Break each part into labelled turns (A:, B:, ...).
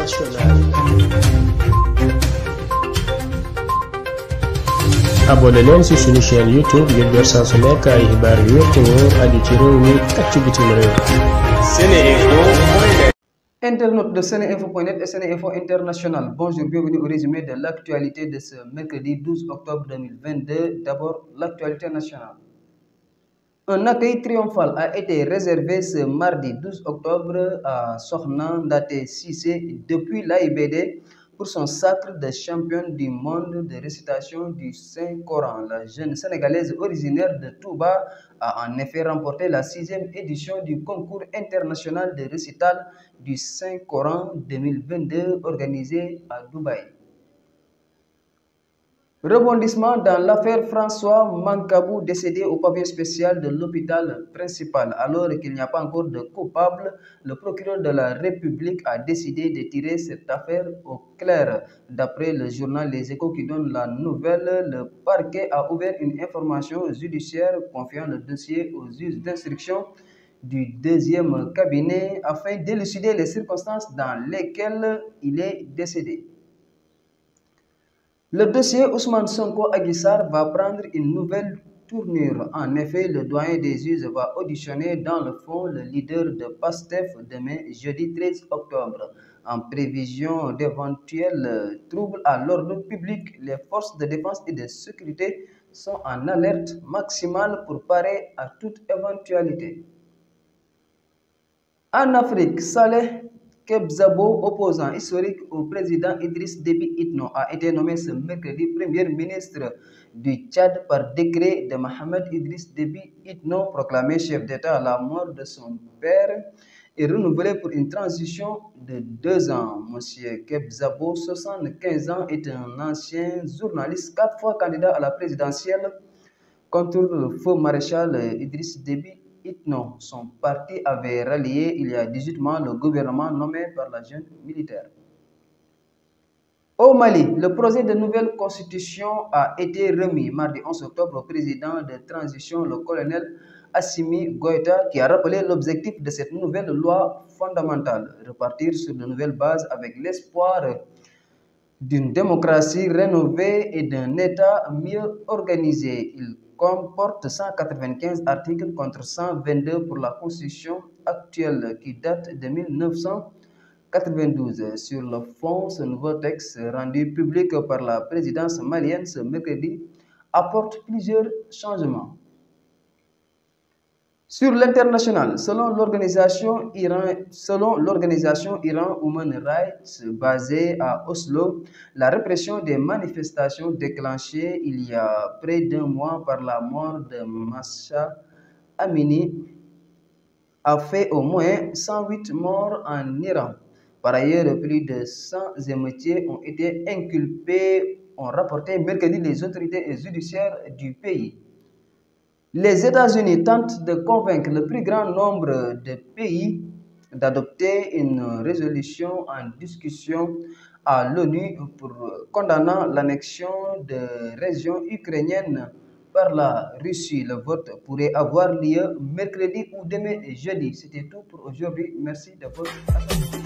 A: internationale. abonné leen ci suñu chaîne youtube ngir jot saa su nekk ay xibaar yu wér te wóor aju ci réew mi ci bitim réew. Internautes de Seneinfo.net et Seneinfo International, bonjour, bienvenue au résumé de l'actualité de ce mercredi 12 octobre 2022. D'abord, l'actualité nationale. Un accueil triomphal a été réservé ce mardi 12 octobre à Sokhna Ndaté Cissé depuis l'AIBD pour son sacre de championne du monde de récitation du Saint-Coran. La jeune Sénégalaise originaire de Touba a en effet remporté la sixième édition du concours international de récital du Saint-Coran 2022 organisé à Dubaï. Rebondissement dans l'affaire François Mankabou décédé au pavillon spécial de l'hôpital principal. Alors qu'il n'y a pas encore de coupable, le procureur de la République a décidé de tirer cette affaire au clair. D'après le journal Les Échos qui donne la nouvelle, le parquet a ouvert une information judiciaire confiant le dossier aux juges d'instruction du deuxième cabinet afin d'élucider les circonstances dans lesquelles il est décédé. Le dossier Ousmane Sonko Aguissar va prendre une nouvelle tournure. En effet, le doyen des us va auditionner dans le fond le leader de PASTEF demain, jeudi 13 octobre. En prévision d'éventuels troubles à l'ordre public, les forces de défense et de sécurité sont en alerte maximale pour parer à toute éventualité. En Afrique, Saleh Kebzabo, opposant historique au président Idriss Déby Itno, a été nommé ce mercredi premier ministre du Tchad par décret de Mohamed Idriss Déby Itno, proclamé chef d'État à la mort de son père et renouvelé pour une transition de deux ans. Monsieur Kebzabo, 75 ans, est un ancien journaliste, quatre fois candidat à la présidentielle contre le faux maréchal Idriss Déby ethno son parti avait rallié il y a 18 le gouvernement nommé par la jeune militaire. Au Mali, le projet de nouvelle constitution a été remis mardi 11 octobre au président de transition, le colonel Assimi Goïta, qui a rappelé l'objectif de cette nouvelle loi fondamentale, repartir sur de nouvelles bases avec l'espoir d'une démocratie rénovée et d'un État mieux organisé. comporte 195 articles contre 122 pour la Constitution actuelle qui date de 1992. Sur le fond, ce nouveau texte par la présidence malienne ce mercredi apporte plusieurs changements. Sur l'international, selon l'organisation Iran, selon l'organisation Iran Human Rights basée à Oslo, la répression des manifestations déclenchées il y a près d'un mois par la mort de Masha Amini a fait au moins 108 morts en Iran. Par ailleurs, plus de 100 émeutiers ont été inculpés, ont rapporté mercredi les autorités judiciaires du pays. Les États-Unis tentent de convaincre le plus grand nombre de pays d'adopter une résolution en discussion à l'ONU pour condamnant l'annexion de régions ukrainiennes par la Russie. Le vote pourrait avoir lieu mercredi ou demain jeudi. C'était tout pour aujourd'hui. Merci de votre attention.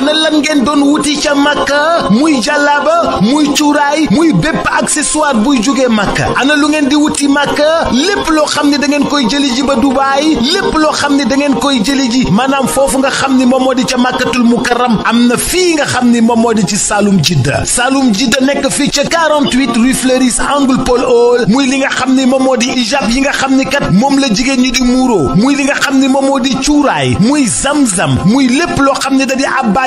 B: ana lan ngeen doon wuti ca màkka muy jàllaaba muy cuuraay muy bépp accessoire buy jógee màkka ana lu ngeen di wuti màkka lépp loo xam ne da ngeen koy jëli ji ba dubaay lépp loo xam ne da ngeen koy jëli ji maanaam foofu nga xam ne moom moo di ca màkkatul mukarram am na fii nga xam ne moom moo di ci saalum Jidda saalum Jidda nekk fii ca 48 rue Fleuris angle Paul Hall muy li nga xam ne moom moo di ijab yi nga xam ni kat moom la jigéen ñi di muuro muy li nga xam ni moom moo di cuuraay muy zamzam muy lépp xam ne